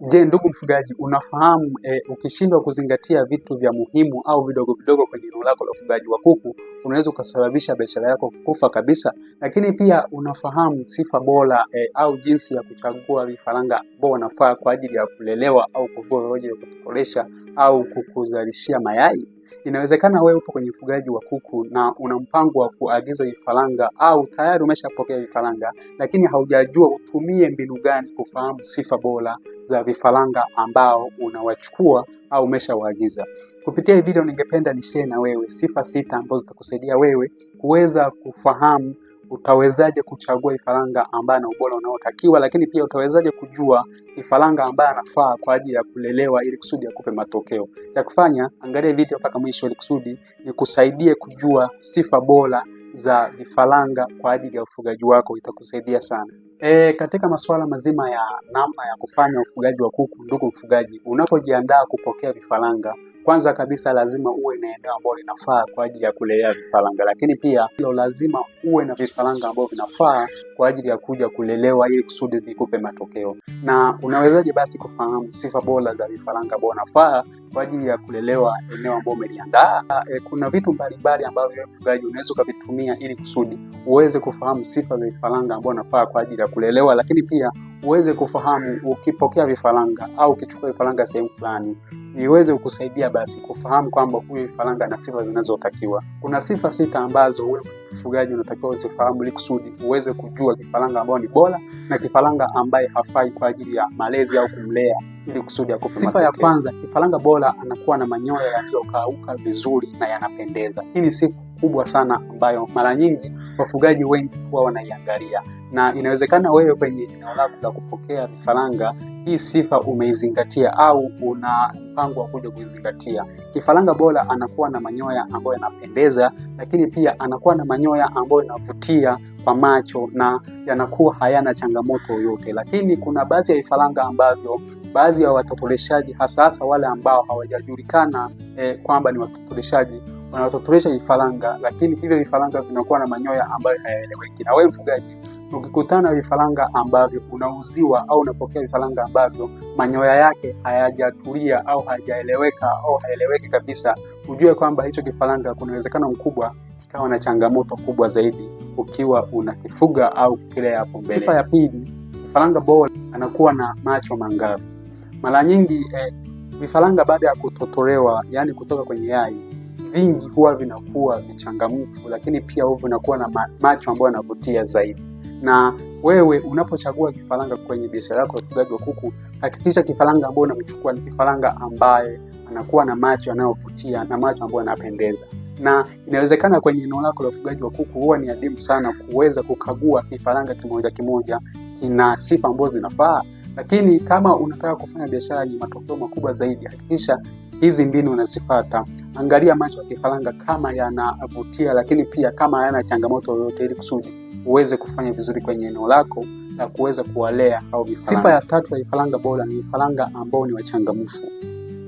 Je, ndugu mfugaji, unafahamu e, ukishindwa kuzingatia vitu vya muhimu au vidogo vidogo kwenye eneo lako la ufugaji wa kuku unaweza ukasababisha biashara yako kufa kabisa? Lakini pia unafahamu sifa bora e, au jinsi ya kuchagua vifaranga ambao wanafaa kwa ajili ya kulelewa au kuvua kwa ajili ya kutokolesha au kukuzalishia mayai? Inawezekana wewe upo kwenye ufugaji wa kuku na una mpango wa kuagiza vifaranga au tayari umeshapokea vifaranga, lakini haujajua utumie mbinu gani kufahamu sifa bora za vifaranga ambao unawachukua au umeshawaagiza. Kupitia hii video, ningependa share na wewe sifa sita ambazo zitakusaidia wewe kuweza kufahamu utawezaje kuchagua vifaranga ambaye ana ubora unaotakiwa, lakini pia utawezaje kujua vifaranga ambaye anafaa kwa ajili ya kulelewa ili kusudi akupe matokeo. Cha kufanya, angalia video mpaka mwisho ili kusudi ni kusaidie kujua sifa bora za vifaranga kwa ajili ya ufugaji wako, itakusaidia sana. E, katika masuala mazima ya namna ya kufanya ufugaji wa kuku, ndugu mfugaji, unapojiandaa kupokea vifaranga kwanza kabisa lazima uwe na eneo ambalo linafaa kwa ajili ya kulelea vifaranga, lakini pia hilo lazima uwe na vifaranga ambao vinafaa kwa ajili ya kuja kulelewa ili kusudi vikupe matokeo. Na unawezaje basi kufahamu sifa bora za vifaranga ambao nafaa kwa ajili ya kulelewa eneo ambao umeliandaa? E, kuna vitu mbalimbali ambavyo mfugaji unaweza ukavitumia ili kusudi uweze kufahamu sifa za vifaranga ambao nafaa kwa ajili ya kulelewa, lakini pia uweze kufahamu ukipokea vifaranga au ukichukua vifaranga sehemu fulani niweze kukusaidia basi kufahamu kwamba huyu vifaranga ana sifa zinazotakiwa. Kuna sifa sita ambazo wewe mfugaji unatakiwa uzifahamu ili kusudi uweze kujua kifaranga ambao ni bora na kifaranga ambaye hafai kwa ajili ya malezi au kumlea ili kusudi akupe. Sifa ya kwanza, kifaranga bora anakuwa na manyoya yaliyokauka vizuri na yanapendeza. Hii ni sifa kubwa sana ambayo mara nyingi wafugaji wengi huwa wanaiangalia, na inawezekana wewe kwenye eneo lako la kupokea vifaranga hii sifa umeizingatia au una mpango wa kuja kuizingatia. Kifaranga bora anakuwa na manyoya ambayo yanapendeza, lakini pia anakuwa na manyoya ambayo yanavutia kwa macho na yanakuwa hayana changamoto yoyote. Lakini kuna baadhi ya vifaranga ambavyo baadhi ya watotoleshaji hasa hasa wale ambao hawajajulikana eh, kwamba ni watotoleshaji wanatotolesha vifaranga, lakini hivyo vifaranga vinakuwa na manyoya ambayo hayaeleweki na wewe mfugaji ukikutana vifaranga ambavyo unauziwa au unapokea vifaranga ambavyo manyoya yake hayajatulia au hajaeleweka au haeleweki kabisa, ujue kwamba hicho kifaranga kuna uwezekano mkubwa kikawa na changamoto kubwa zaidi ukiwa unakifuga au kile hapo mbele. Sifa ya pili, vifaranga bora anakuwa na macho mangavu. Mara nyingi eh, vifaranga baada ya kutotolewa, yani kutoka kwenye yai vingi huwa vinakuwa vichangamfu, lakini pia huwa vinakuwa na macho ambayo yanavutia zaidi na wewe unapochagua kifaranga kwenye biashara yako ya ufugaji wa kuku, hakikisha kifaranga ambao unamchukua ni kifaranga ambaye anakuwa na macho yanayovutia na macho ambayo yanapendeza. Na inawezekana kwenye eneo lako la ufugaji wa kuku huwa ni adimu sana kuweza kukagua kifaranga kimoja kimoja kina sifa ambazo zinafaa, lakini kama unataka kufanya biashara yenye matokeo makubwa zaidi, hakikisha hizi mbinu unazifata. Angalia macho ya kifaranga kama yanavutia, lakini pia kama hayana changamoto yoyote, ili kusudi uweze kufanya vizuri kwenye eneo lako na kuweza kuwalea au vifaranga. Sifa ya tatu ya vifaranga bora ni vifaranga ambao ni wachangamfu.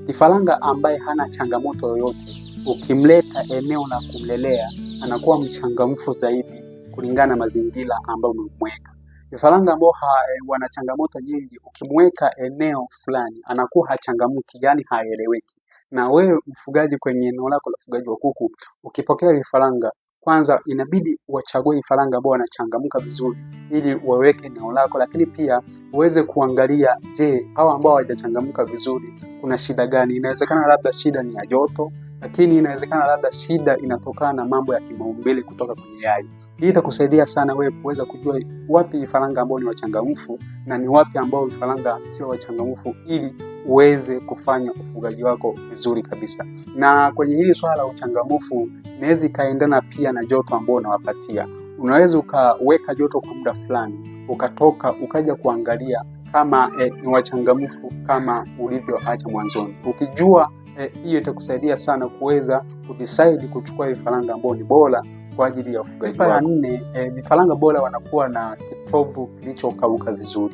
Kifaranga ambaye hana changamoto yoyote, ukimleta eneo la kumlelea, anakuwa mchangamfu zaidi kulingana na mazingira ambayo umemweka. Vifaranga ambao eh, wana changamoto nyingi, ukimweka eneo fulani, anakuwa hachangamki, yani haeleweki. Na wewe mfugaji, kwenye eneo lako la ufugaji wa kuku, ukipokea vifaranga kwanza inabidi wachague vifaranga ambao wanachangamka vizuri ili waweke eneo lako, lakini pia uweze kuangalia, je, hawa ambao hawajachangamka vizuri kuna shida gani? Inawezekana labda shida ni ya joto, lakini inawezekana labda shida inatokana na mambo ya kimaumbile kutoka kwenye yai. Hii itakusaidia sana wewe kuweza kujua wapi vifaranga ambao ni wachangamfu na ni wapi ambao vifaranga sio wachangamfu, ili uweze kufanya ufugaji wako vizuri kabisa. Na kwenye hili swala la uchangamfu, inaweza ikaendana pia na joto ambao unawapatia. Unaweza ukaweka joto kwa muda fulani, ukatoka ukaja kuangalia kama eh, ni wachangamfu kama ulivyoacha mwanzoni. Ukijua eh, hiyo eh, itakusaidia sana kuweza kudecide kuchukua vifaranga ambao ni bora kwa ajili ya ufugaji. ya nne, vifaranga eh, bora wanakuwa na kitovu kilichokauka vizuri.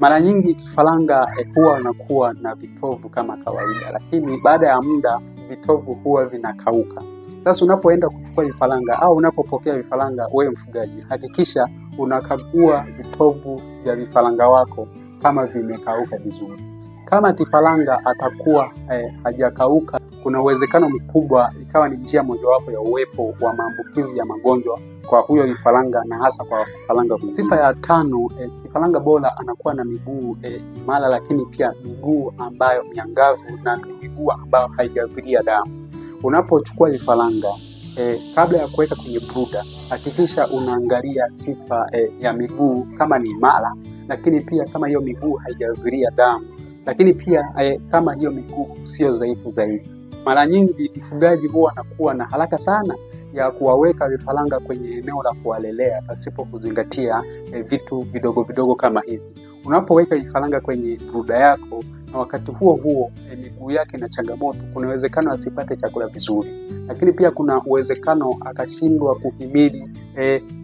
Mara nyingi kifaranga eh, huwa wanakuwa na vitovu kama kawaida, lakini baada ya muda vitovu huwa vinakauka. Sasa unapoenda kuchukua vifaranga au unapopokea vifaranga, wewe mfugaji, hakikisha unakagua vitovu vya vifaranga wako kama vimekauka vizuri. Kama kifaranga atakuwa eh, hajakauka, kuna uwezekano mkubwa ikawa ni njia mojawapo ya uwepo wa maambukizi ya magonjwa kwa huyo vifaranga na hasa kwa vifaranga. Sifa ya tano, eh, kifaranga bora anakuwa na miguu eh, imara eh, lakini pia miguu ambayo miangavu na miguu ambayo haijavilia damu. Unapochukua vifaranga eh, kabla ya kuweka kwenye bruda, hakikisha unaangalia sifa eh, ya miguu kama ni imara, lakini pia kama hiyo miguu haijavilia damu lakini pia eh, kama hiyo miguu sio dhaifu zaidi. Mara nyingi mfugaji huwa anakuwa na haraka sana ya kuwaweka vifaranga kwenye eneo la kuwalelea pasipo kuzingatia e, vitu vidogo vidogo kama hivi. Unapoweka vifaranga kwenye ruda yako na wakati huo huo e, miguu yake na changamoto, kuna uwezekano asipate chakula vizuri, lakini pia kuna uwezekano akashindwa kuhimili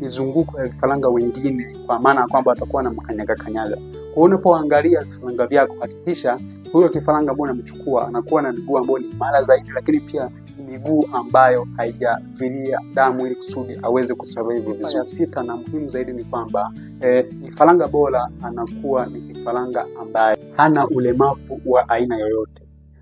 mizunguko ya vifaranga wengine, kwa maana ya kwamba atakuwa na mkanyaga kanyaga. Kwa unapoangalia vifaranga vyako, hakikisha huyo kifaranga ambao unamchukua anakuwa na miguu ambayo ni imara zaidi, lakini pia miguu ambayo haijavilia damu ili kusudi aweze kusurvive vizuri. Ya sita na muhimu zaidi ni kwamba eh, kifaranga eh, bora anakuwa ni kifaranga ambaye hana ulemavu wa aina yoyote.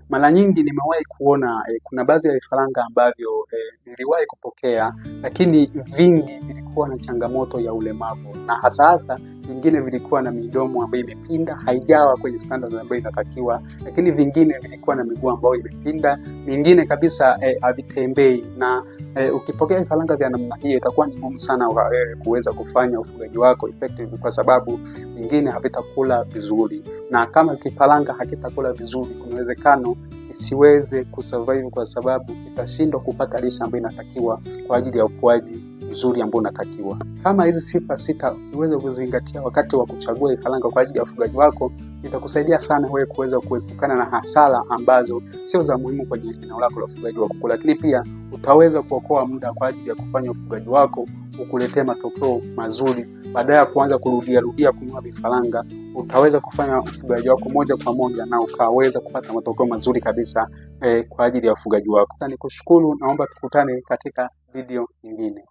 Mara nyingi nimewahi kuona eh, kuna baadhi ya vifaranga ambavyo eh, niliwahi kupokea, lakini vingi vilikuwa na changamoto ya ulemavu, na hasa hasa vingine vilikuwa na midomo ambayo imepinda haijawa kwenye standard ambayo inatakiwa, lakini vingine vilikuwa na miguu ambayo imepinda, mingine kabisa eh, havitembei eh, na E, ukipokea vifaranga vya namna hii itakuwa ni ngumu sana e, kuweza kufanya ufugaji wako effective, kwa sababu vingine havitakula vizuri, na kama kifaranga hakitakula vizuri, kuna uwezekano isiweze kusurvive kwa sababu itashindwa kupata lishe ambayo inatakiwa kwa ajili ya ukuaji nzuri ambayo unatakiwa. Kama hizi sifa sita uweze kuzingatia wakati wa kuchagua vifaranga kwa ajili ya ufugaji wako, itakusaidia sana wewe kuweza kuepukana na hasara ambazo sio za muhimu kwenye eneo lako la ufugaji wa kuku, lakini pia utaweza kuokoa muda kwa ajili ya kufanya ufugaji wako ukuletee matokeo mazuri, Baada ya kuanza kurudia rudia kununua vifaranga. Utaweza kufanya ufugaji wako moja kwa moja na ukaweza kupata matokeo mazuri kabisa eh, kwa ajili ya ufugaji wako. Nikushukuru, naomba tukutane katika video nyingine.